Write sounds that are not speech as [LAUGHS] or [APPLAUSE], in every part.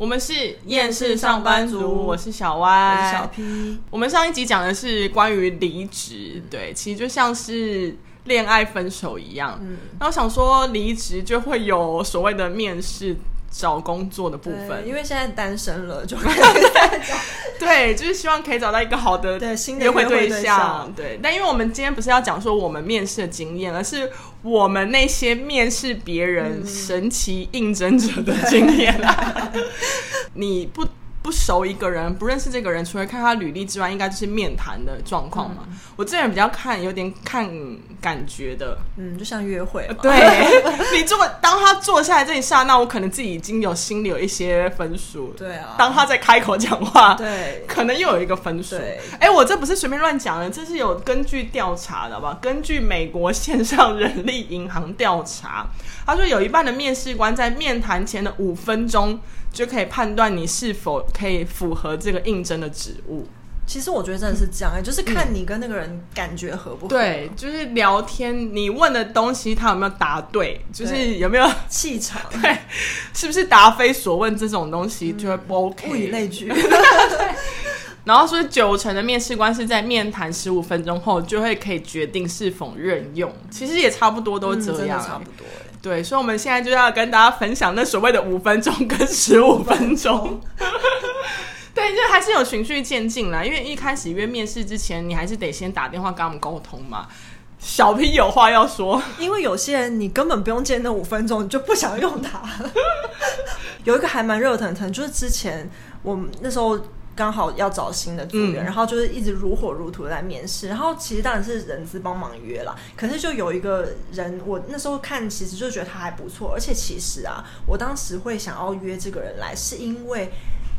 我們是厭世上班族，我是小 Y，我是小 P。我們上一集講的是關於離職，對，其實就像是戀愛分手一樣。嗯，那我想說離職就會有所謂的面試。找工作的部分，因為現在單身了，就 [LAUGHS] 對， [LAUGHS] 對，就是希望可以找到一個好的對新的約會對象。約會對象。對，但因為我們今天不是要講說我們面試的經驗，而是我們那些面試別人神奇應徵者的經驗。嗯、 [LAUGHS] 你不。不熟一個人，不認識這個人，除了看他履歷之外，應該就是面談的狀況嘛。嗯、我這個人比較看，有點看感覺的，嗯，就像約會。對 [LAUGHS] 你坐，當他坐下來這一剎那，我可能自己已經有心裡有一些分數。對啊。當他在開口講話，對，可能又有一個分數。哎對、欸，我這不是隨便亂講的，這是有根據調查的吧好不好？根據美國線上人力銀行調查。他說，有一半的面試官在面談前的五分鐘就可以判斷你是否可以符合這個應徵的職務。其實我覺得真的是這樣、欸，哎、嗯，就是看你跟那個人感覺合不合。合。對，就是聊天，你問的東西他有沒有答對，就是有沒有氣場，對，是不是答非所問這種東西、嗯、就會不 OK。物以類聚。 [LAUGHS] 對 [LAUGHS] 然後說九成的面試官是在面談十五分鐘後就會可以決定是否任用。其實也差不多都是這樣，嗯、差不多、欸。對，所以我們現在就要跟大家分享那所謂的五分鐘跟十五分鐘。分鐘 [LAUGHS] 對，就還是有循序漸進啦。因為一開始約面試之前，你還是得先打電話跟他們溝通嘛。小 P 有話要說，因為有些人你根本不用見那五分鐘，你就不想用它。 [LAUGHS] 有一個還蠻熱騰騰，就是之前我們那時候。剛好要找新的組員，嗯、然後就是一直如火如荼的來面試，然後其實當然是人資幫忙約了，可是就有一個人，我那時候看其實就覺得他還不錯，而且其實啊，我當時會想要約這個人來，是因為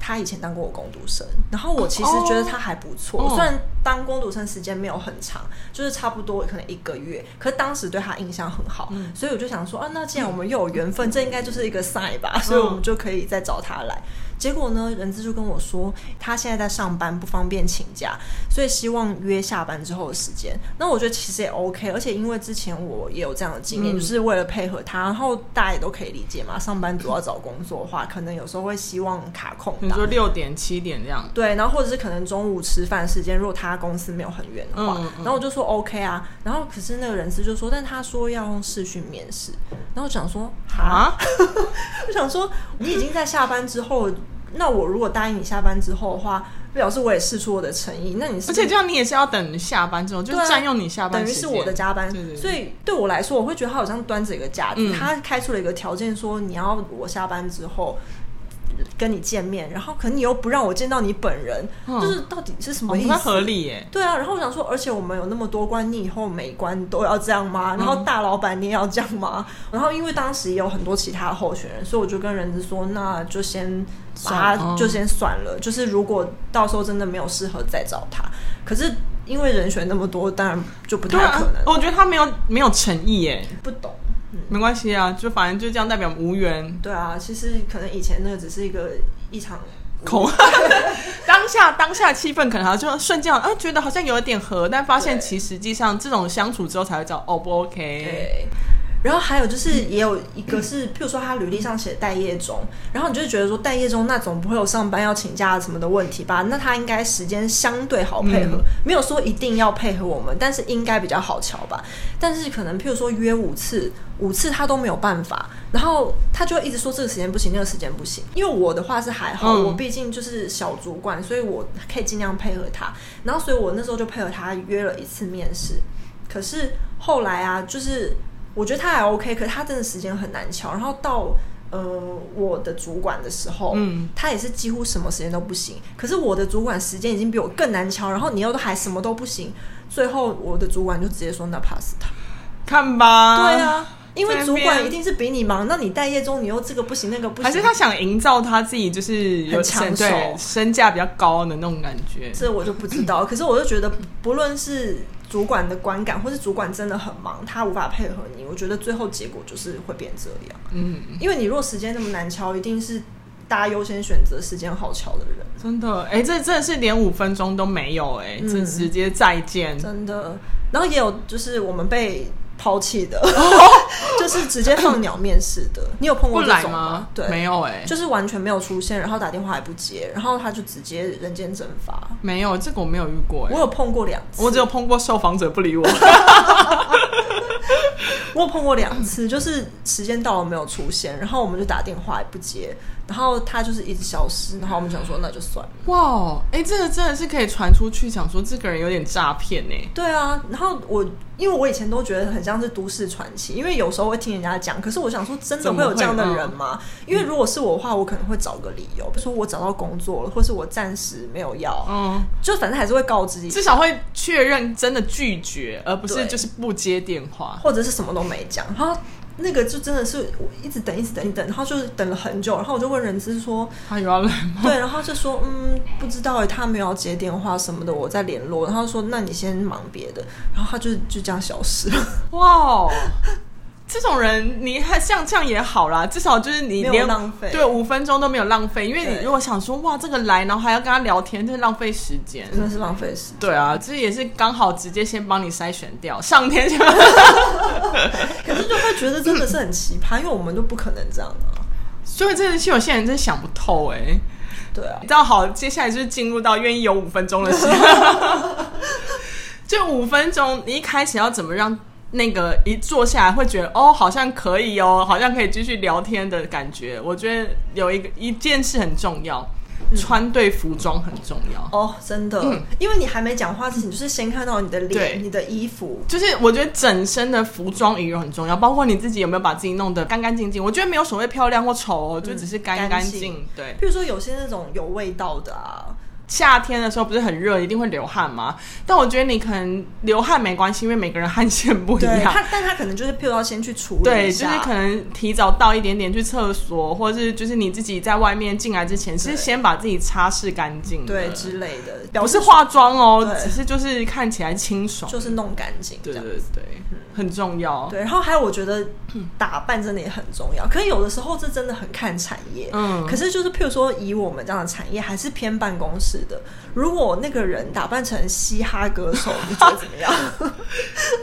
他以前當過我工讀生，然後我其實覺得他還不錯，哦、我雖然當工讀生時間沒有很長，哦、就是差不多可能一個月，可是當時對他印象很好，嗯、所以我就想說，啊，那既然我們又有緣分，嗯、這應該就是一個賽吧，嗯、所以我們就可以再找他來。結果呢？人資，就跟我說，他現在在上班，不方便請假，所以希望約下班之後的時間。那我覺得其實也 OK，而且因為之前我也有這樣的經驗，嗯、就是為了配合他，然後大家也都可以理解嘛。上班族要找工作的話，可能有時候會希望卡空就你說六點七點這樣？對，然後或者是可能中午吃飯時間，如果他公司沒有很遠的話，嗯嗯、然後我就說 OK 啊。然後可是那個人資就說，但他說要用視訊面試，然後我想說哈，啊、 [LAUGHS] 我想說你、嗯、已經在下班之後。那我如果答應你下班之後的話，表示我也釋出我的誠意。那你，是你而且這樣，你也是要等下班之後，啊、就占用你下班，等於是我的加班。對對對，所以對我來說，我會覺得他好像端着一個架子，嗯、他開出了一個條件，說你要我下班之後。跟你見面，然後可能你又不讓我見到你本人，嗯、就是到底是什麼意思？哦、不太合理耶。對啊，然後我想說，而且我們有那麼多關，你以後每關都要這樣嗎？然後大老闆你也要這樣嗎？嗯、然後因為當時也有很多其他候選人，所以我就跟人資說，那就先把他就先算了。嗯、就是如果到時候真的沒有適合再找他，可是因為人選那麼多，當然就不太可能。啊、我覺得他沒有沒有誠意耶。不懂。沒關係啊，就反正就這樣，代表無緣。對啊，其實可能以前那個只是一個一場口恐怖 [LAUGHS] 當下當下氣氛可能好像就瞬間啊覺得好像有一點合，但發現其實際上這種相處之後才會知道。哦不 OK。對然後還有就是也有一個是，譬如說他履歷上寫待業中，然後你就覺得說待業中，那總不會有上班要請假什麼的問題吧？那他應該時間相對好配合，沒有說一定要配合我們，但是應該比較好喬吧。但是可能譬如說約五次，五次他都沒有辦法，然後他就一直說這個時間不行，那個時間不行。因為我的話是還好，我畢竟就是小主管，所以我可以儘量配合他。然後所以我那時候就配合他約了一次面試，可是後來啊，就是。我覺得他還 OK，可是他真的時間很難敲。然後到呃我的主管的時候，嗯，他也是幾乎什麼時間都不行。可是我的主管時間已經比我更難敲，然後你又都還什麼都不行。最後我的主管就直接說：“那 pass 他，看吧。”對啊，因為主管一定是比你忙。邊那你待業中，你又這個不行那個不行，還是他想營造他自己就是有很搶手、身價比較高的那種感覺？這我就不知道。 [COUGHS] 可是我就覺得，不論是。主管的觀感，或是主管真的很忙，他無法配合你。我覺得最後結果就是會變這樣。嗯，因為你若時間那麼難敲，一定是大家優先選擇時間好敲的人。真的，哎、欸，這真的是連五分鐘都沒有、欸，哎、嗯，這直接再見。真的，然後也有就是我們被。拋棄的，然後就是直接放鳥面試的。 [COUGHS] 你有碰過這種嗎？嗎？對，沒有哎、欸，就是完全沒有出現，然後打電話也不接，然後他就直接人間蒸發。沒有這個我沒有遇過、欸，我有碰過兩次，我只有碰過受訪者不理我。 [LAUGHS] [LAUGHS] 我有碰過兩次，就是時間到了沒有出現，然後我們就打電話也不接，然後他就是一直消失，然後我們想說那就算了。哇，哎，這個真的是可以傳出去，想說這個人有點詐騙呢。對啊，然後我。因為我以前都覺得很像是都市傳奇，因為有時候會聽人家講，可是我想說，真的會有這樣的人嗎？啊、因為如果是我的話，我可能會找個理由，嗯、比如說我找到工作了，或是我暫時沒有要，嗯，就反正還是會告知自己，至少會確認真的拒絕，而不是就是不接電話，或者是什麼都沒講，然後。那個就真的是我一直等，一直等，一等，然後就等了很久，然後我就問人資說：“他又要來嗎？”對，然後就說：“嗯，不知道、欸、他沒有要接電話什麼的，我在聯絡。”然後他說：“那你先忙別的。”然後他就就這樣消失了。哇！這種人，你還像這樣也好啦。至少就是你連浪費對五分鐘都沒有浪費，因為你如果想說，哇，這個來，然後還要跟他聊天，真浪費時間，真的是浪費時間。對啊，這也是剛好直接先幫你篩選掉，上天就。 [LAUGHS] [LAUGHS] 可是就會覺得真的是很奇葩，嗯、因為我們都不可能這樣、啊、所以這些有些人真想不透哎、欸。對啊，那好，接下來就是進入到願意有五分鐘的時間， [LAUGHS] [LAUGHS] 就五分鐘，你一開始要怎麼讓？那個一坐下來會覺得哦，好像可以哦，好像可以繼續聊天的感覺。我覺得有一個一件事很重要，嗯、穿對服裝很重要哦，oh, 真的，嗯、因為你還沒講話之前，就是先看到你的臉、對你的衣服，就是我覺得整身的服裝儀容很重要，包括你自己有沒有把自己弄得乾乾淨淨。我覺得沒有所謂漂亮或醜，哦，就只是乾乾淨。淨對，譬如說有些那種有味道的啊。夏天的時候不是很熱，一定會流汗嗎？但我覺得你可能流汗沒關係，因為每個人汗腺不一樣。他但他可能就是譬如要先去處理一下，對，就是可能提早到一點點去廁所，或者是就是你自己在外面進來之前，對是先把自己擦拭乾淨，對之類的。不是化妝哦，只是就是看起來清爽，就是弄乾淨。對對對。很重要，對。然後還有，我覺得打扮真的也很重要。可有的時候是真的很看產業，嗯。可是就是，譬如說，以我們這樣的產業還是偏辦公室的。如果那個人打扮成嘻哈歌手，你覺得怎麼樣？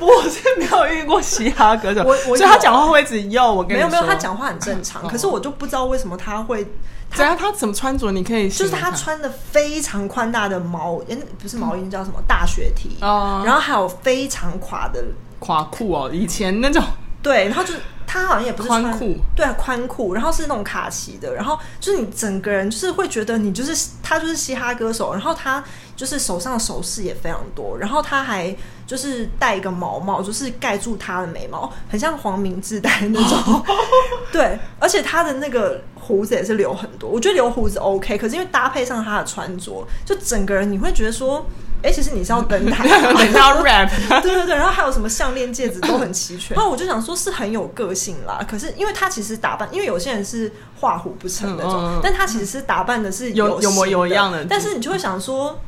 我是沒有遇過嘻哈歌手，我，覺得他講話會一直要我，沒有沒有，他講話很正常。可是我就不知道為什麼他會。怎樣？他怎麼穿着？你可以，就是他穿的非常寬大的毛，不是毛衣，叫什麼大學 T 哦。然後還有非常垮的。垮褲哦，以前那種，對，然後就他好像也不是穿寬褲酷，對，寬褲，然後是那種卡其的，然後就是你整個人就是會覺得你就是他就是嘻哈歌手，然後他就是手上的首飾也非常多，然後他還就是戴一個毛帽，就是蓋住他的眉毛，很像黃明志戴的那種， [LAUGHS] 對，而且他的那個鬍子也是留很多，我覺得留鬍子 OK，可是因為搭配上他的穿着，就整個人你會覺得說。哎、欸，其實你是要登臺，你是 [LAUGHS] 要 rap， [LAUGHS] 對對對，然後還有什麼項鏈、戒指都很齊全。然 [LAUGHS] 後我就想說，是很有個性啦。可是因為他其實打扮，因為有些人是畫虎不成那種，嗯哦、但他其實是打扮的是有的有，有模有樣的。但是你就會想說，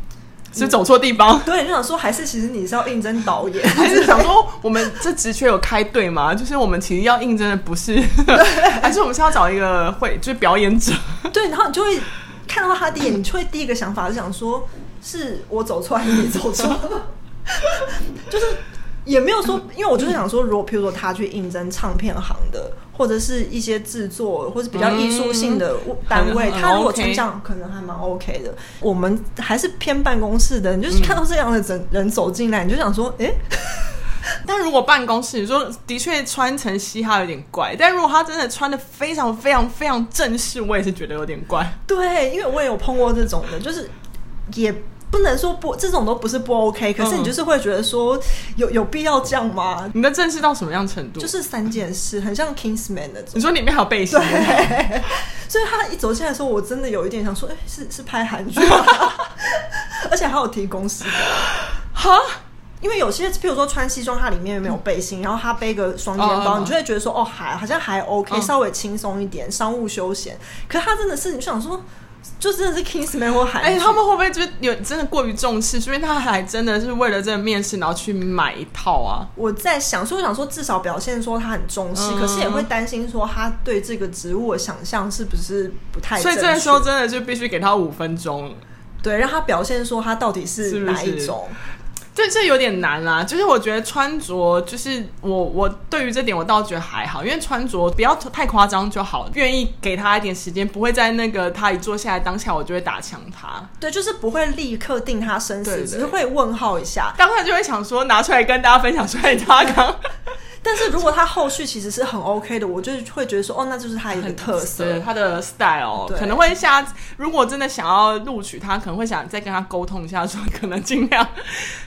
是走錯地方？你對，你就想說還是其實你是要應徵導演，還 [LAUGHS] 是想說我們這職缺有開對嗎？就是我們其實要應徵的不是， [LAUGHS] [LAUGHS] 還是我們是要找一個會就是表演者？ [LAUGHS] 對，然後你就會看到他的眼，你就會第一個想法是想說。是我走錯還是你走錯？ [LAUGHS] 就是也沒有說，因為我就是想說，如果譬如說他去應徵唱片行的，或者是一些製作或者比較藝術性的單位，嗯 OK、他如果穿這樣，可能還蠻 OK 的。我們還是偏辦公室的，你就是看到這樣的人人走進來，嗯、你就想說，哎、欸。 [LAUGHS] 但如果辦公室，你說的確穿成嘻哈有點怪，但如果他真的穿的非常非常非常正式，我也是覺得有點怪。對，因為我也有碰過這種的，就是。也不能說不，這種都不是不 OK，可是你就是會覺得說有有必要這樣嗎？你的正式到什麼樣程度？就是三件式，很像 Kingsman 的。你說裡面還有背心，所以他一走進來的時候，我真的有一點想說，欸、是是拍韓劇， [LAUGHS] [LAUGHS] 而且還有提公司的。哈， [LAUGHS] 因為有些，譬如說穿西裝，他裡面沒有背心，嗯、然後他背個雙肩包，oh, oh, oh. 你就會覺得說，哦，還好像還 OK，oh. 稍微輕鬆一點，商務休閒。可是他真的是，你就想說。就真的是 Kingsman 我喊，哎、欸，他們會不會就有真的過於重視？所以他還真的是為了這個面試，然後去買一套啊？我在想，說我想說，至少表現說他很重視，嗯、可是也會擔心說他對這個職務的想象是不是不太……所以這個時候真的就必須給他五分鐘，對，讓他表現說他到底是哪一種。是這這有點難啦、啊,就是我覺得穿着，就是我我對於這點我倒覺得還好，因為穿着不要太誇張就好。願意給他一點時間，不會在那個他一坐下來當下我就會打槍他。對，就是不會立刻定他生死，對對對，只是會問號一下。當下就會想說拿出來跟大家分享出來，他剛。但是如果他後續其實是很 OK 的，我就會覺得說，哦，那就是他一個特色，他的 style，對，可能會下，如果真的想要錄取他，可能會想再跟他溝通一下，說可能儘量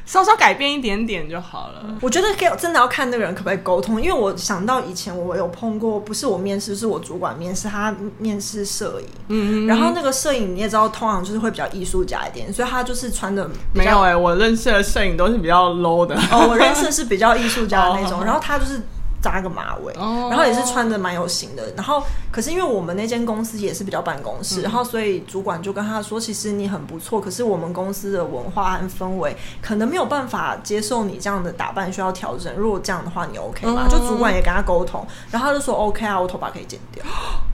稍稍改變一點點就好了。我覺得給我真的要看那個人可不可以溝通，因為我想到以前我有碰過，不是我面試，是我主管面試他面試攝影，嗯嗯，然後那個攝影你也知道，通常就是會比較藝術家一點，所以他就是穿的沒有哎、欸，我認識的攝影都是比較 low 的，哦，我認識的是比較藝術家的那種，oh. 然後他。就是扎個馬尾，然後也是穿得蠻有型的。然後，可是因為我們那間公司也是比較辦公室，然後所以主管就跟他說：“其實你很不錯，可是我們公司的文化和氛圍可能沒有辦法接受你這樣的打扮，需要調整。如果這樣的話，你 OK 嗎？”就主管也跟他溝通，然後他就說：“OK 啊，我頭髮可以剪掉。”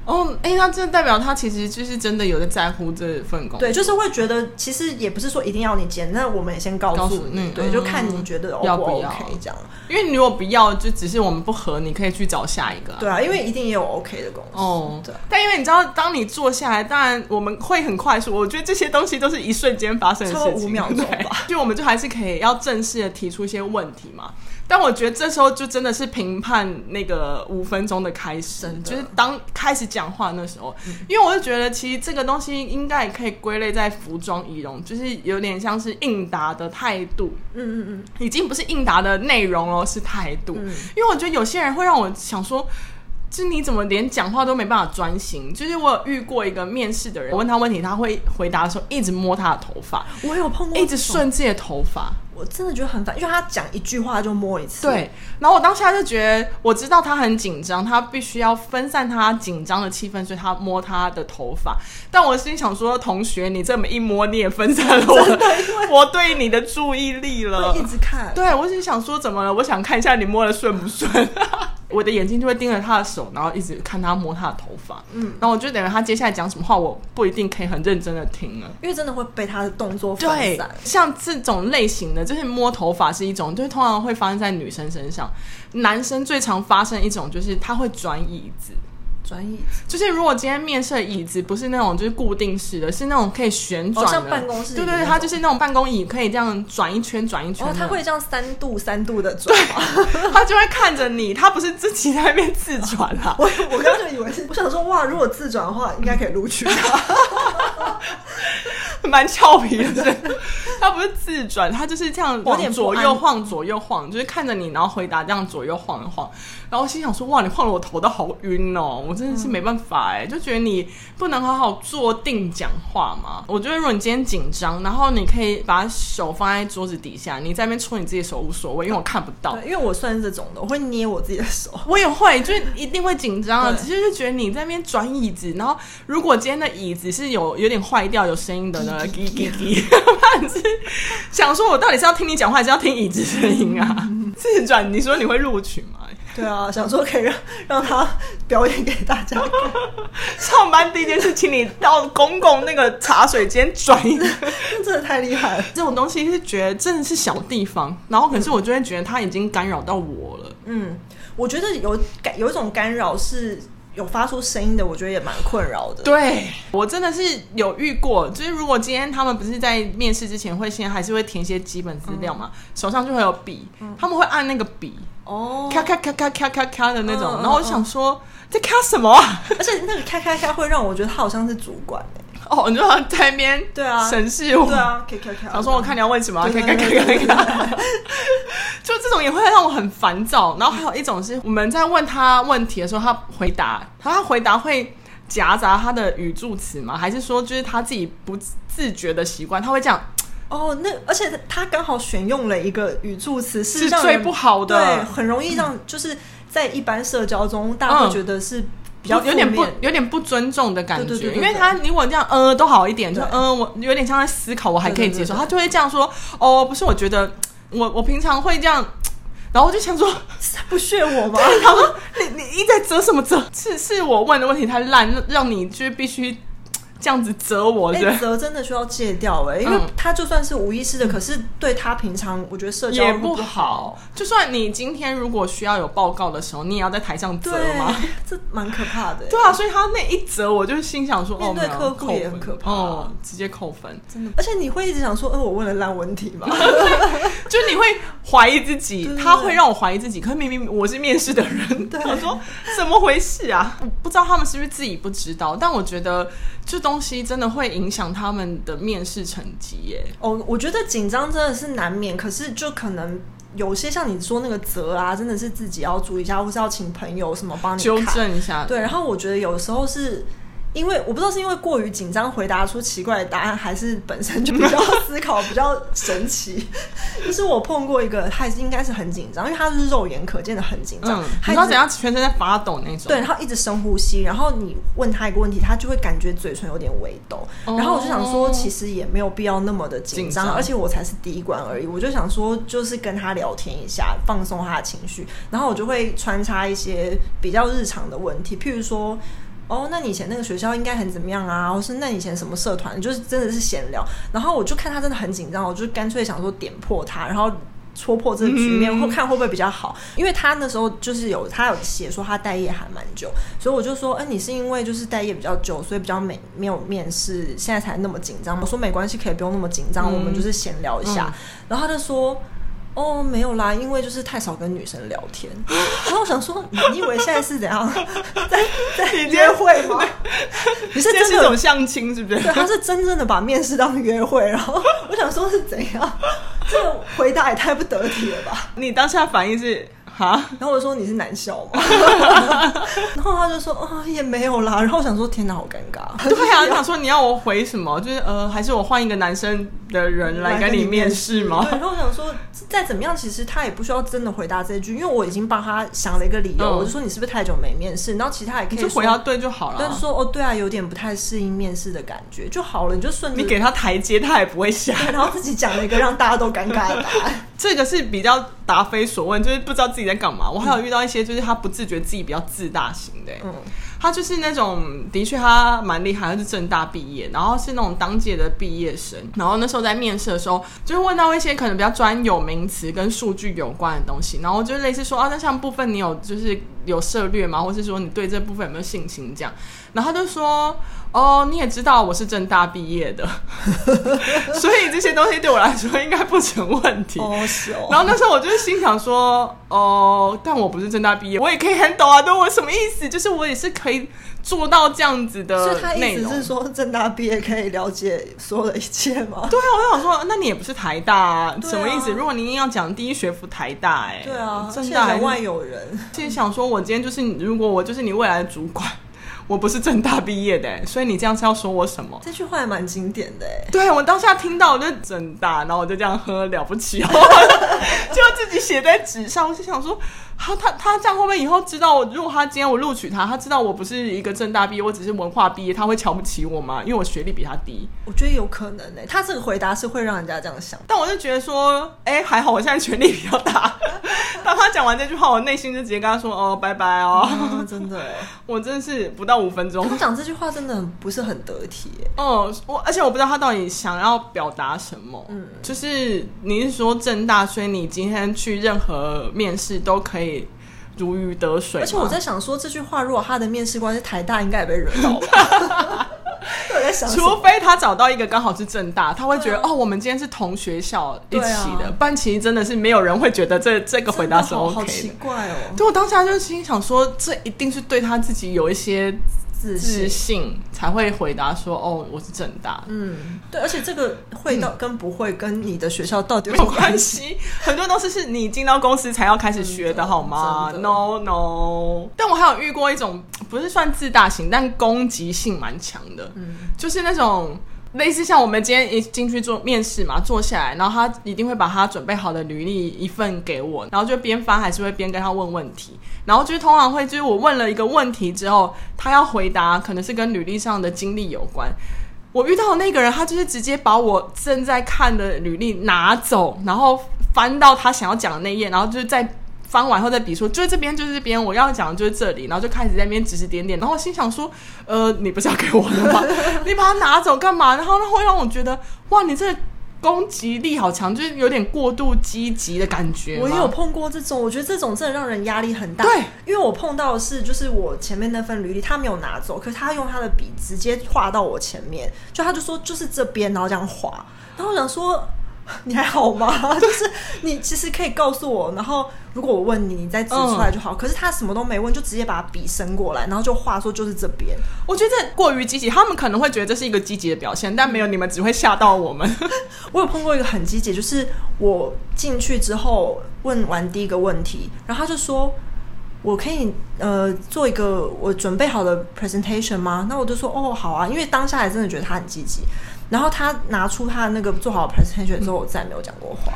哦，哎、oh, 欸，那這代表他其實就是真的有的在乎這份工作。對，就是會覺得其實也不是說一定要你接，那我們也先告訴你，你對，嗯、就看你覺得 o 要不要 OK 這樣。因為如果不要，就只是我們不合，你可以去找下一個，啊。對啊，因為一定也有 OK 的公司。哦。Oh, 對。但因為你知道，當你坐下來，當然我們會很快速，我覺得這些東西都是一瞬間發生的事情，五秒鐘吧，就我們就還是可以要正式的提出一些問題嘛。但我覺得這時候就真的是評判那個五分鐘的開始，真的。就是當開始講話那時候，嗯、因為我就覺得其實這個東西應該也可以歸類在服裝儀容，就是有點像是應答的態度。嗯嗯嗯，已經不是應答的內容哦，是態度。嗯、因為我覺得有些人會讓我想說。就你怎麼連講話都沒辦法專心？就是我有遇過一個面試的人，我問他問題，他會回答的時候一直摸他的頭髮。我有碰過，一直順自己的頭髮。我真的覺得很煩，因為他講一句話就摸一次。對，然後我當下就覺得我知道他很緊張，他必須要分散他緊張的氣氛，所以他摸他的頭髮。但我心想說，同學，你這麼一摸，你也分散了我 [LAUGHS] 我對你的注意力了。我一直看，對，我心想說怎麼了？我想看一下你摸得順不順。 [LAUGHS] 我的眼睛就會盯着他的手，然後一直看他摸他的頭髮，嗯，然後我就等於他接下來講什麼話，我不一定可以很認真的聽了，因為真的會被他的動作分散。對，像這種類型的，就是摸頭髮是一種，就是通常會發生在女生身上，男生最常發生一種就是他會轉椅子。轉椅就是，如果今天面試的椅子不是那種就是固定式的，是那種可以旋轉的，哦。像辦公室，對對，它就是那種辦公椅，可以這樣轉一圈轉一圈。他，哦、會這樣三度三度的轉。對 [LAUGHS] 它他就會看着你，他不是自己在那邊自轉啊。我我剛就以為是，我想說哇，如果自轉的話，應該可以錄取的。蠻 [LAUGHS] [LAUGHS] 俏皮的是是，他不是自轉，他就是這樣，往左右晃左右晃，就是看着你，然後回答這樣左右晃一晃。然後心想說：“哇，你晃得我頭都好暈哦，我真的是沒辦法哎，嗯、就覺得你不能好好坐定講話嘛。我覺得如果你今天緊張，然後你可以把手放在桌子底下，你在那邊戳你自己手無所謂，對因為我看不到對。因為我算是這種的，我會捏我自己的手，我也會，就是一定會緊張啊。就對是覺得你在那邊轉椅子，然後如果今天的椅子是有有點壞掉有聲音的呢，嘰嘰嘰 [LAUGHS] 是想說我到底是要聽你講話，還是要聽椅子聲音啊？自、嗯、轉，你說你會錄取嗎？”對啊，想說可以讓讓他表演給大家看。上 [LAUGHS] 班第一件事，請你到公公那個茶水間轉一轉， [LAUGHS] 真的太厲害了。這種東西是覺得真的是小地方，然後可是我就會覺得他已經干擾到我了。嗯，我覺得有有一種干擾是有發出聲音的，我覺得也蠻困擾的。對，我真的是有遇過，就是如果今天他們不是在面試之前會先還是會填一些基本資料嘛，嗯、手上就會有筆，嗯、他們會按那個筆。哦，咔咔咔咔咔咔的那種，然後我就想說這咔什麼，而且那個咔咔咔會讓我覺得他好像是主管哎。哦，你知道在那邊對啊審視我對啊，咔咔咔，想說我看你要問什麼，咔咔咔咔咔，就這種也會讓我很煩躁。然後還有一種是我們在問他問題的時候，他回答，他回答會夾雜他的語助詞嗎？還是說就是他自己不自覺的習慣，他會這樣？哦，oh, 那而且他剛好選用了一個語助詞，是最不好的，對，很容易讓、嗯、就是在一般社交中，大家會覺得是比較有點不有點不尊重的感覺。對對對對，因為他你我這樣呃，都好一點，就嗯、呃、我有點像在思考，我還可以接受。對對對對，他就會這樣說：哦，不是，我覺得我我平常會這樣，然後我就想說，是他不屑我嗎？他說 [LAUGHS] 你你一直在折什麼折？是是我問的問題太爛，讓你就是必須。這樣子責我的，哎、欸，責真的需要戒掉哎、欸，因為他就算是無意識的，嗯、可是對他平常我覺得社交也不好。就算你今天如果需要有報告的時候，你也要在台上責嗎？這蠻可怕的、欸。對啊，所以他那一責，我就心想說，哦，面對客戶也很可怕，哦，直接扣分，真的。而且你會一直想說，呃，我問了爛問題嗎 [LAUGHS] ？就你會懷疑自己，對他會讓我懷疑自己。可是明明我是面試的人，對，我說怎麼回事啊？我不知道他們是不是自己不知道，但我覺得就。東西真的會影響他們的面試成績耶。哦，我覺得緊張真的是難免，可是就可能有些像你說那個責啊，真的是自己要注意一下，或是要請朋友什麼幫你糾正一下。對，然後我覺得有時候是。因為我不知道是因為過於緊張回答出奇怪的答案，還是本身就比較思考比較神奇。 [LAUGHS] 就是我碰過一個，他應該是很緊張，因為他是肉眼可見的很緊張，嗯，他怎樣全身在發抖那種，對，然後一直深呼吸，然後你問他一個問題，他就會感覺嘴唇有點微抖，然後我就想說，其實也沒有必要那麼的緊張，而且我才是第一關而已，我就想說，就是跟他聊天一下，放鬆他的情緒，然後我就會穿插一些比較日常的問題，譬如說。哦，那你以前那個學校應該很怎麼樣啊？我說那以前什麼社團，就是真的是閒聊。然後我就看他真的很緊張，我就乾脆想說點破他，然後戳破這個局面，然後、嗯、看會不會比較好。因為他那時候就是有他有寫說他待業還蠻久，所以我就說，嗯、呃、你是因為就是待業比較久，所以比較沒沒有面試，現在才那麼緊張嗎？我說沒關係，可以不用那麼緊張，嗯、我們就是閒聊一下。嗯、然後他就說。哦，沒有啦，因為就是太少跟女生聊天，然後我想說，你以為現在是怎樣，在 [LAUGHS] 在？在約會嗎？你,是,真的你是這種相親，是不是？對，他是真正的把面試當約會，然後我想說是怎樣？這個回答也太不得體了吧？你當下反應是？啊，蛤然後我就說，你是男校嗎？ [LAUGHS] [LAUGHS] 然後他就說啊、哦、也沒有啦。然後我想說天哪，好尷尬。對啊，我想說你要我回什麼？就是呃，還是我換一個男生的人來跟你面試嗎？面試？對，然後我想說再怎麼樣，其實他也不需要真的回答這句，因為我已經幫他想了一個理由。嗯、我就說，你是不是太久沒面試？然後其他也可以就回他對就好了。但是說哦對啊，有點不太適應面試的感覺就好了。你就順便，你給他台階，他也不會下。然後自己講了一個讓大家都尷尬的答案。 [LAUGHS] 這個是比較答非所問，就是不知道自己在幹嘛。我還有遇到一些，就是他不自覺自己比較自大型的、欸，嗯、他就是那種的確他蠻厲害，就是政大畢業，然後是那種當屆的畢業生，然後那時候在面試的時候，就問到一些可能比較專有名詞跟數據有關的東西，然後就類似說啊，那像部分你有就是。有涉獵嗎？或是說你對這部分有沒有信心？這樣，然後他就說：“哦，你也知道我是政大畢業的， [LAUGHS] 所以這些東西對我來說應該不成問題。”哦，然後那時候我就心想說：“哦，但我不是政大畢業，我也可以很懂啊！那我什麼意思？就是我也是可以。”做到這樣子的，所以他意思是說，政大畢業可以了解所有的一切嗎？對啊，我就想說，那你也不是台大，啊。啊什麼意思？如果你一定要講第一學府台大、欸，哎，對啊，政大外有人。就想說我今天就是，如果我就是你未來的主管，我不是政大畢業的、欸，所以你這樣子要說我什麼？這句話還蠻經典的、欸，哎，對我當下聽到，我就政大，然後我就這樣喝了,了不起，哦， [LAUGHS] [LAUGHS] 就自己寫在紙上，我就想說。他他他這樣會不會以後知道？如果他今天我錄取他，他知道我不是一個政大畢業，我只是文化畢業，他會瞧不起我嗎？因為我學歷比他低。我覺得有可能呢、欸，他這個回答是會讓人家這樣想。但我就覺得說，哎、欸，還好我現在權力比較大。當 [LAUGHS] 他講完這句話，我內心就直接跟他說：“哦，拜拜哦！”嗯、真的，我真是不到五分鐘。他講這句話真的不是很得體、欸。哦、嗯，我而且我不知道他到底想要表達什麼。嗯，就是你是說政大，所以你今天去任何面試都可以。如魚得水，而且我在想說這句話，如果他的面試官是台大，應該也被惹到吧。 [LAUGHS] [LAUGHS] 我除非他找到一個剛好是政大，他會覺得、啊、哦，我們今天是同學校一起的。但、啊、其實真的是沒有人會覺得這這個回答是 OK 的的好好奇怪哦。對我當時就心想說，這一定是對他自己有一些。自信，自信才會回答說：“哦，我是政大。”嗯，對，而且這個會到跟不會跟你的學校到底有什麼關係，嗯，很多東西是你進到公司才要開始學的，嗯、好嗎的？No No，但我還有遇過一種不是算自大型，但攻擊性蠻強的，嗯、就是那種。類似像我們今天一進去做面試嘛，坐下來，然後他一定會把他準備好的履歷一份給我，然後就邊翻還是會邊跟他問問題，然後就是通常會就是我問了一個問題之後，他要回答，可能是跟履歷上的經歷有關。我遇到的那個人，他就是直接把我正在看的履歷拿走，然後翻到他想要講的那頁，然後就是在。翻完後再比說，就是這邊就是這邊，我要講的就是這裡，然後就開始在那邊指指點點，然後我心想說，呃，你不是要給我的嗎？你把它拿走幹嘛？然後然後會讓我覺得，哇，你這個攻擊力好強，就是有點過度積極的感覺。我也有碰過這種，我覺得這種真的讓人壓力很大。對，因為我碰到的是就是我前面那份履歷，他沒有拿走，可是他用他的筆直接畫到我前面，就他就說就是這邊，然後這樣畫，然後我想說。你還好嗎？就是 [LAUGHS] 你其實可以告訴我，然後如果我問你，你再指出來就好。嗯、可是他什麼都沒問，就直接把筆伸過來，然後就畫說就是這邊。我覺得這過於積極，他們可能會覺得這是一個積極的表現，但沒有，你們只會嚇到我們。 [LAUGHS] 我有碰過一個很積極，就是我進去之後問完第一個問題，然後他就說，我可以呃做一個我準備好的 presentation 嗎？那我就說哦好啊，因為當下還真的覺得他很積極。然後他拿出他的那個做好 presentation 之後，我再沒有講過話。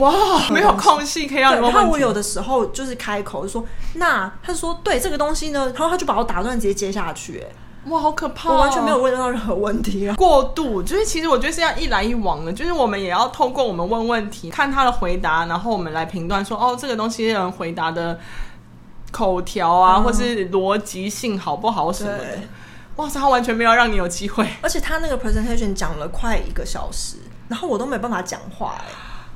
哇，沒有空隙可以讓你看。我有的時候就是開口說，那他說對這個東西呢，然後他就把我打斷，直接接下去。哎，哇，好可怕，啊！我完全沒有問到任何問題，啊。過度就是其實我覺得是要一來一往的，就是我們也要透過我們問問題，看他的回答，然後我們來評斷說，哦，這個東西有人回答的口條啊，嗯、或是邏輯性好不好什麼的。哇塞，他完全沒有讓你有機會，而且他那個 presentation 講了快一個小時，然後我都沒辦法講話、欸，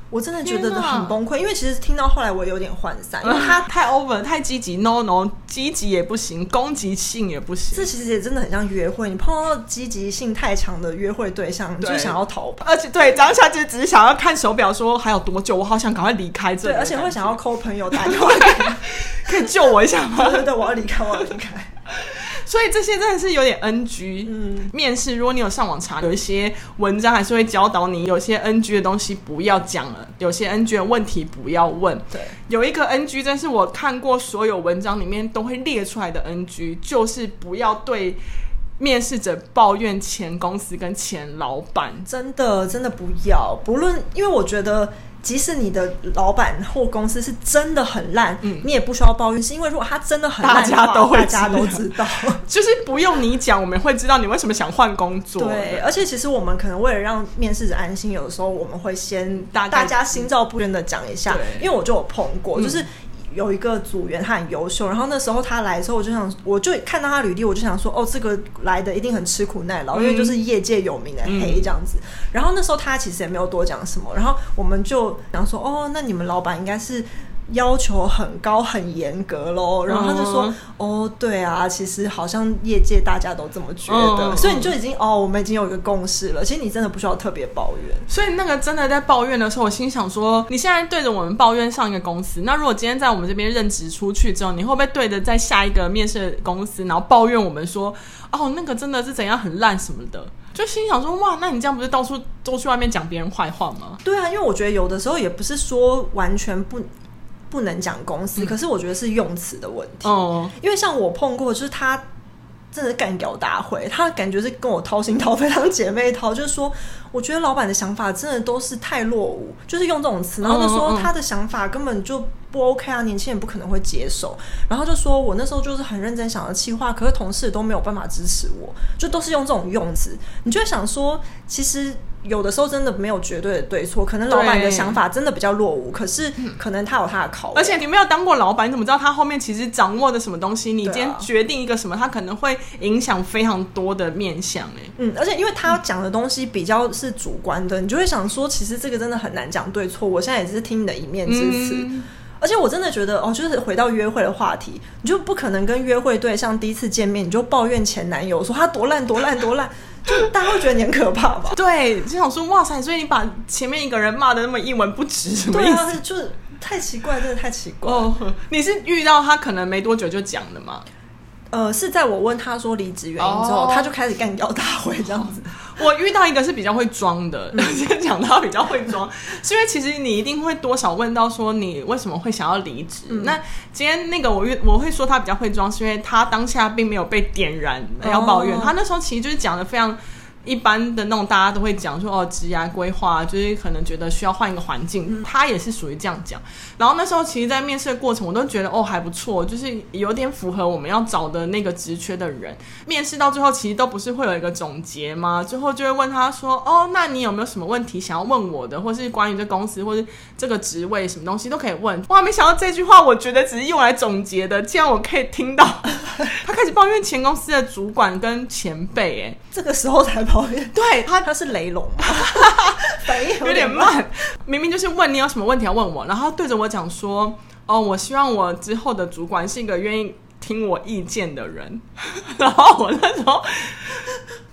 我真的覺得，得很崩潰。啊、因為其實聽到後來我有點渙散，嗯、因為他太 over 太積極，no no，積極也不行，攻擊性也不行。這其實也真的很像約會，你碰到積極性太強的約會對象，對你就想要逃跑。而且對，講下去只是想要看手錶，說還有多久，我好想趕快離開這裡。對，而且會想要 call 朋友打電話， [LAUGHS] 可以救我一下嗎？對，我要離開，我要離開。所以這些真的是有點 NG，嗯。面試，如果你有上網查，有一些文章還是會教導你，有些 NG 的東西不要講了，有些 NG 的問題不要問。對，有一個 NG，真是我看過所有文章裡面都會列出來的 NG，就是不要對面試者抱怨前公司跟前老闆。真的，真的不要，不論，因為我覺得。即使你的老闆或公司是真的很爛，嗯、你也不需要抱怨，是因為如果他真的很爛的話，大家都會大家都知道，就是不用你講， [LAUGHS] 我們會知道你為什麼想換工作。對，而且其實我們可能為了讓面試者安心，有的時候我們會先大家大家心照不宣的講一下，概因為我就有碰過，嗯、就是。有一個組員他很優秀，然後那時候他來的時候，我就想，我就看到他履歷，我就想說，哦，這個來的一定很吃苦耐勞，嗯、因為就是業界有名的、欸嗯、黑這樣子。然後那時候他其實也沒有多講什麼，然後我們就想說，哦，那你們老闆應該是。要求很高很嚴格咯。然後他就說：“嗯、哦，對啊，其實好像業界大家都這麼覺得，嗯、所以你就已經哦，我們已經有一個共識了。其實你真的不需要特別抱怨。所以那個真的在抱怨的時候，我心想說：你現在對着我們抱怨上一個公司，那如果今天在我們這邊任職出去之後，你會不會對着在下一個面試公司，然後抱怨我們說：哦，那個真的是怎樣很爛什麼的？就心想說：哇，那你這樣不是到處都去外面講別人壞話嗎？對啊，因為我覺得有的時候也不是說完全不。”不能講公司，嗯，可是我覺得是用詞的問題。哦哦，因為像我碰過，就是他真的幹掉大會，他感覺是跟我掏心掏肺當姐妹掏，就是說，我覺得老板的想法真的都是太落伍，就是用這種詞，然後就說他的想法根本就不 OK 啊，哦哦哦，年輕人不可能會接受。然後就說，我那時候就是很認真想的企劃，可是同事都沒有辦法支持我，就都是用這種用詞，你就會想說，其實。有的時候真的沒有絕對的對錯，可能老板的想法真的比較落伍，對可是可能他有他的考慮。而且你沒有當過老板，你怎麼知道他後面其實掌握的什麼東西？你今天決定一個什麼，他可能會影響非常多的面向、欸、嗯，而且因為他講的東西比較是主觀的，嗯、你就會想說，其實這個真的很難講對錯。我現在也是聽你的一面之詞，嗯、而且我真的覺得哦，就是回到約會的話題，你就不可能跟約會對象第一次見面你就抱怨前男友，說他多爛多爛多爛。 [LAUGHS] 就大家會覺得你很可怕吧？ [LAUGHS] 對，就想說哇塞，所以你把前面一個人罵得那麼一文不值，什麼意思？對啊，就是太奇怪，真的太奇怪。哦，oh，你是遇到他可能沒多久就講的嗎？呃，是在我問他說離職原因之後，oh. 他就開始幹譙大會這樣子。Oh. 我遇到一個是比較會裝的，今天講他比較會裝，是因為其實你一定會多少問到說你為什麼會想要離職。嗯、那今天那個我遇我會說他比較會裝，是因為他當下並沒有被點燃、oh. 要抱怨，他那時候其實就是講的非常。一般的那種，大家都會講說哦，職涯規劃就是可能覺得需要換一個環境，嗯、他也是屬於這樣講。然後那時候其實，在面試的過程，我都覺得哦，還不錯，就是有點符合我們要找的那個職缺的人。面試到最後，其實都不是會有一個總結嗎？最後就會問他說哦，那你有沒有什麼問題想要問我的，或是關於這公司，或是這個職位什麼東西都可以問。哇，沒想到這句話，我覺得只是用來總結的，這樣我可以聽到 [LAUGHS] 他開始抱怨前公司的主管跟前輩、欸。哎，這個時候才。對，他他是雷龍，有點慢。明明就是問你有什麼問題要問我，然後對着我講說：“哦，我希望我之後的主管是一個願意聽我意見的人。 [LAUGHS] ”然後我那時候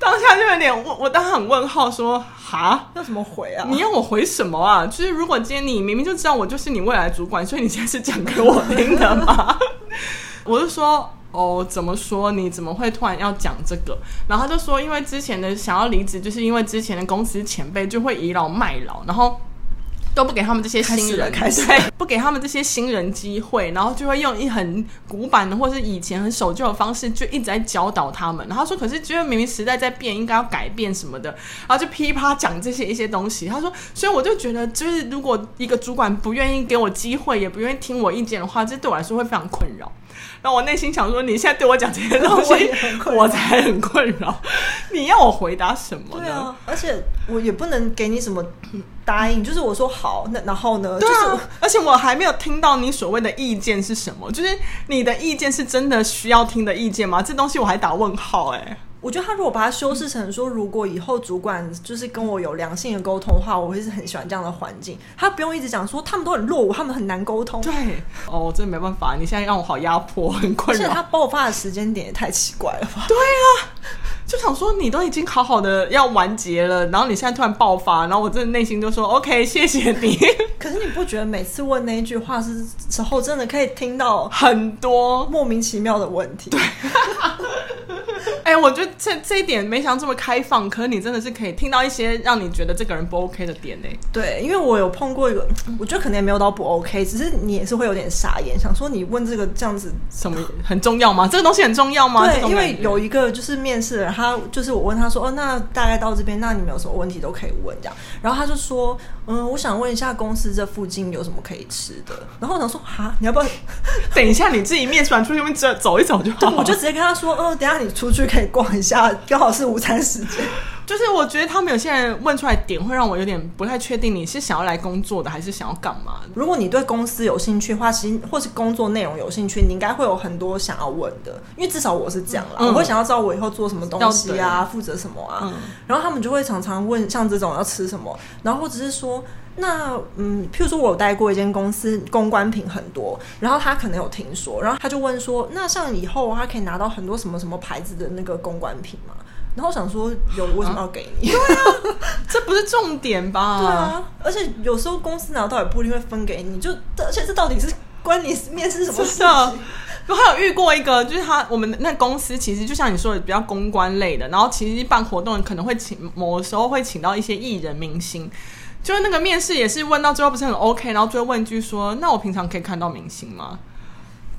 當下就有點問，我當時很問號說：“哈，要怎麼回啊？你要我回什麼啊？就是如果今天你明明就知道我就是你未來主管，所以你現在是講給我聽的嗎？” [LAUGHS] [LAUGHS] 我就說。哦，怎麼說？你怎麼會突然要講這個？然後他就說，因為之前的想要離職，就是因為之前的公司前輩就會倚老賣老，然後都不給他們這些新人，開始了，開始了。對，不給他們這些新人機會，然後就會用一很古板的，或是以前很守舊的方式，就一直在教導他們。然後他說，可是覺得明明時代在變，應該要改變什麼的，然後就噼啪講這些一些東西。他說，所以我就覺得，就是如果一個主管不願意給我機會，也不願意聽我意見的話，這對我來說會非常困擾。那我內心想說，你現在對我講這些東西，我，我才很困擾。你要我回答什麼呢？對啊，而且我也不能給你什麼答應，就是我說好，那然後呢？啊、就是我，而且我還沒有聽到你所謂的意見是什麼，就是你的意見是真的需要聽的意見嗎？這東西我還打問號哎、欸。我覺得他如果把它修飾成說，如果以後主管就是跟我有良性的溝通的話，我會是很喜歡這樣的環境。他不用一直講說他們都很弱，他們很難溝通。對，哦，真的沒辦法，你現在讓我好壓迫，很困擾。是，他爆發的時間點也太奇怪了吧？對啊，就想說你都已經好好的要完結了，然後你現在突然爆發，然後我真的內心就說 OK，謝謝你。可是你不覺得每次問那句話是時候，真的可以聽到很多莫名其妙的問題？對。 [LAUGHS] 哎、欸，我覺得這這一點沒想到這麼開放，可是你真的是可以聽到一些讓你覺得這個人不 OK 的點呢、欸。對，因為我有碰過一個，我覺得可能也沒有到不 OK，只是你也是會有點傻眼，想說你問這個這樣子什麼很重要嗎？這個東西很重要嗎？對，因為有一個就是面試的人，他就是我問他說，哦，那大概到這邊，那你沒有什麼問題都可以問，這樣。然後他就說，嗯，我想問一下公司這附近有什麼可以吃的。然後我想說，哈，你要不要等一下你自己面試完出去外面走走一走就好了。我就直接跟他說，哦、呃，等下你出去看。可以逛一下，剛好是午餐時間。就是我覺得他們有些人問出來點，會讓我有點不太確定，你是想要來工作的，還是想要幹嘛？如果你對公司有興趣的話，其實或是工作內容有興趣，你應該會有很多想要問的。因為至少我是這樣啦，嗯、我會想要知道我以後做什麼東西啊，要對，負責什麼啊。嗯、然後他們就會常常問，像這種要吃什麼，然後或者是說。那嗯，譬如說，我有帶過一間公司，公關品很多，然後他可能有聽說，然後他就問說：“那像以後他可以拿到很多什麼什麼牌子的那個公關品嘛？”然後想說有為什麼要給你？啊對啊， [LAUGHS] 這不是重點吧？對啊，而且有時候公司拿到也不一定會分給你就，就而且這到底是關你面試什麼事？啊？然後我還有遇過一個，就是他我們那公司其實就像你說的比較公關類的，然後其實辦活動可能會請，某時候會請到一些藝人明星。就是那個面試也是問到最後不是很 OK，然後最後問一句說：“那我平常可以看到明星嗎？”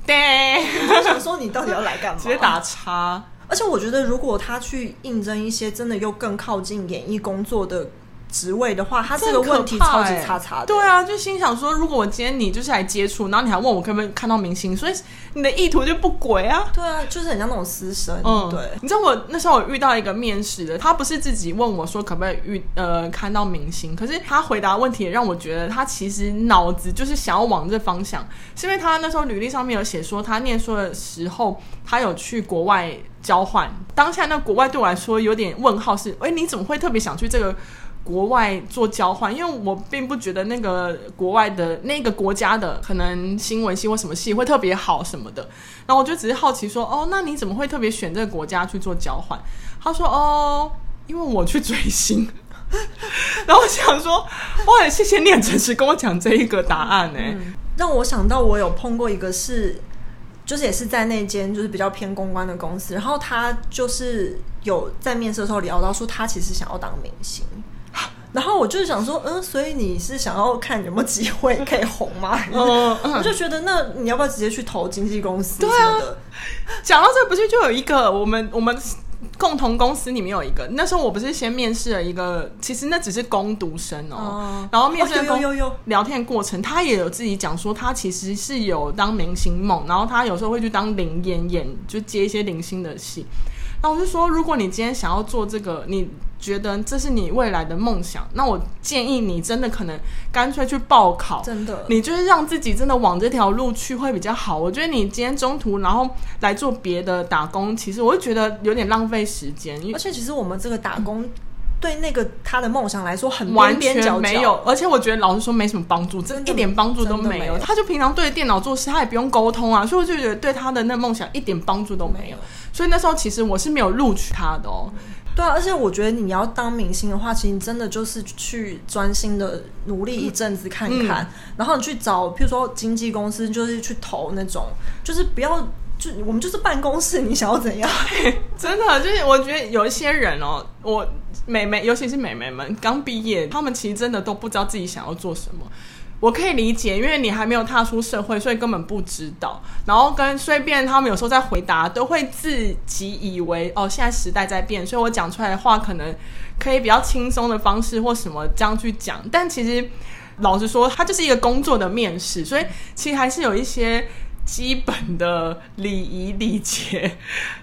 對，我想說你到底要來幹嘛？直接打叉。而且我覺得，如果他去應徵一些真的又更靠近演藝工作的，職位的話，他這個問題超級差差的。欸、對啊，就心想說，如果我今天你就是來接觸，然後你還問我可不可以看到明星，所以你的意圖就不軌啊。對啊，就是很像那種私生。嗯，對。你知道我那時候我遇到一個面試的，他不是自己問我說可不可以遇呃看到明星，可是他回答問題也讓我覺得他其實腦子就是想要往這方向，是因為他那時候履歷上面有寫說他念書的時候他有去國外交換，當下那國外對我來說有點問號是，是、欸、哎你怎麼會特別想去這個？國外做交換，因為我並不覺得那個國外的那個國家的可能新聞系或什麼系會特別好什麼的，然後我就只是好奇說：“哦，那你怎麼會特別選這個國家去做交換？”他說：“哦，因為我去追星。 [LAUGHS] ”然後我想說：“哇，謝謝你很誠實跟我講這一個答案呢、欸。嗯”讓我想到我有碰過一個是，就是也是在那間就是比較偏公關的公司，然後他就是有在面試的時候聊到說他其實想要當明星。然後我就是想說，嗯，所以你是想要看有沒有機會可以紅嗎？ [LAUGHS] 嗯嗯、我就覺得那你要不要直接去投經紀公司？對啊。講到這，不是就有一個我們我們共同公司裡面有一個，那時候我不是先面試了一個，其實那只是工讀生哦、喔。嗯、然後面試跟、哦、聊天過程，他也有自己講說，他其實是有當明星夢，然後他有時候會去當臨演演，就接一些零星的戲。那我就說，如果你今天想要做這個，你。覺得這是你未來的夢想，那我建議你真的可能乾脆去報考，真的，你就是讓自己真的往這條路去會比較好。我覺得你今天中途然後來做別的打工，其實我會覺得有點浪費時間。而且其實我們這個打工、嗯、對那個他的夢想來說很角角完全沒有，而且我覺得老實說沒什麼幫助，真的，真的一點幫助都沒有。沒有。他就平常對着電腦做事，他也不用溝通啊，所以我就覺得對他的那夢想一點幫助都沒有。沒有。所以那時候其實我是沒有錄取他的哦。嗯對啊，而且我覺得你要當明星的話，其實你真的就是去專心的努力一陣子看看，嗯嗯、然後你去找，譬如說經紀公司，就是去投那種，就是不要就我們就是辦公室，你想要怎樣？真的就是我覺得有一些人哦，我美眉，尤其是美眉們剛畢業，他們其實真的都不知道自己想要做什麼。我可以理解，因為你還沒有踏出社會，所以根本不知道。然後跟隨便他們有時候在回答，都會自己以為哦，現在時代在變，所以我講出來的話可能可以比較輕鬆的方式或什麼這樣去講。但其實老實說，它就是一個工作的面試，所以其實還是有一些。基本的禮儀禮節，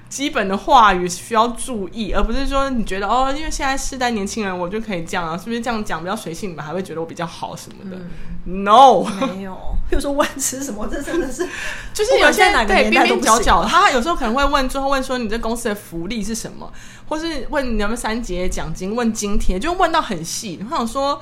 基本的話語需要注意，而不是說你覺得哦，因為現在世代年輕人，我就可以這樣啊，是不是這樣講比較隨性，你們還會覺得我比較好什麼的、嗯？No，沒有。譬如說問吃什麼，這真的是，就是有些哪個年代都不行。他有時候可能會問之後，最後問說你這公司的福利是什麼，或是問你們三節獎金、問津貼，就問到很細。他想說。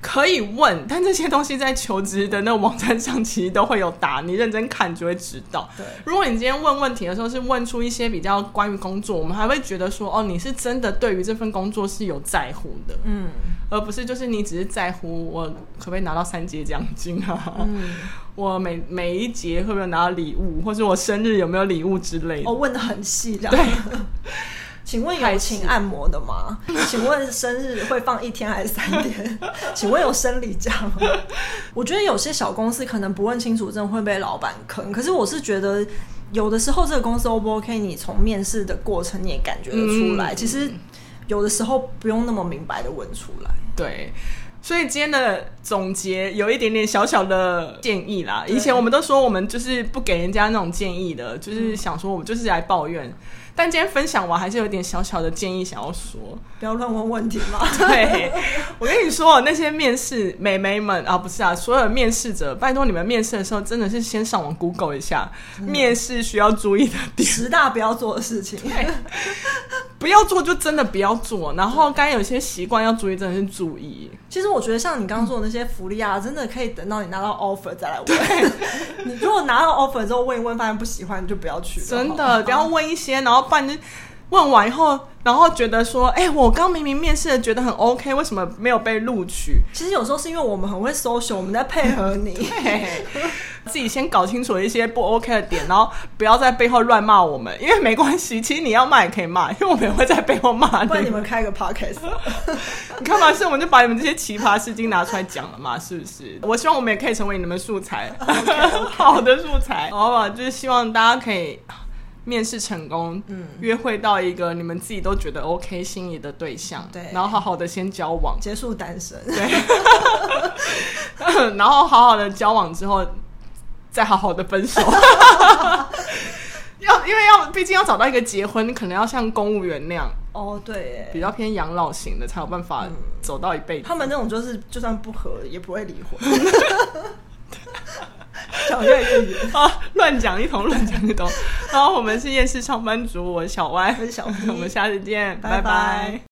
可以問，但這些東西在求職的那個網站上其實都會有答，你認真看就會知道。對，如果你今天問問題的時候是問出一些比較關於工作，我們還會覺得說，哦，你是真的對於這份工作是有在乎的，嗯，而不是就是你只是在乎我可不可以拿到三節獎金啊，嗯、我每每一節會不會拿到禮物，或是我生日有沒有禮物之類的。哦，問得很細，這樣，對。 [LAUGHS] 請問有請按摩的嗎？是請問生日會放一天還是三天？ [LAUGHS] 請問有生理假嗎？ [LAUGHS] 我覺得有些小公司可能不問清楚，真的會被老闆坑。可是我是覺得，有的時候這個公司 O 不 OK，你從面試的過程你也感覺得出來。嗯、其實有的時候不用那麼明白的問出來。對，所以今天的總結有一點點小小的建議啦。對以前我們都說我們就是不給人家那種建議的，就是想說我們就是來抱怨。但今天分享完，還是有點小小的建議想要說，不要亂問問題嘛。 [LAUGHS] 對，我跟你說，那些面試美眉們啊，不是啊，所有面試者，拜托你們面試的時候，真的是先上網 Google 一下的面試需要注意的點，十大不要做的事情。對 [LAUGHS] 不要做就真的不要做，然後該有些習慣要注意，真的是注意。對其實我覺得像你剛剛說的那些福利啊，真的可以等到你拿到 offer 再來問。對 [LAUGHS] 你如果拿到 offer 之後問一問，發現不喜歡你就不要去。真的，好不要問一些，然後。反正問完以後，然後覺得說，哎、欸，我剛明明面試的覺得很 OK，為什麼沒有被錄取？其實有時候是因為我們很會 social，我們在配合你。 [LAUGHS] 自己先搞清楚一些不 OK 的點，然後不要在背後亂罵我們，因為沒關係。其實你要罵也可以罵，因為我們也會在背後罵的。不然你們開個 podcast， [LAUGHS] 你看嘛，是我們就把你們這些奇葩事情拿出來講了嘛，是不是？我希望我們也可以成為你們素材， [LAUGHS] okay, okay. 好的素材，好吧？就是希望大家可以。面試成功，嗯、約會到一個你們自己都覺得 OK 心儀的對象，對，然後好好的先交往，結束單身，對， [LAUGHS] 然後好好的交往之後，再好好的分手， [LAUGHS] [LAUGHS] [LAUGHS] 要因為要畢竟要找到一個結婚，可能要像公務員那樣，哦、oh，對，比較偏養老型的才有辦法走到一輩子。他們這種就是就算不合也不會離婚。 [LAUGHS] [LAUGHS] 講粵語啊，亂講、 [LAUGHS] 哦、一通，亂講一通。好、 [LAUGHS] 哦，我們是厭世上班族，我是小歪，我是小、P、 [LAUGHS] 我們下次見，拜拜。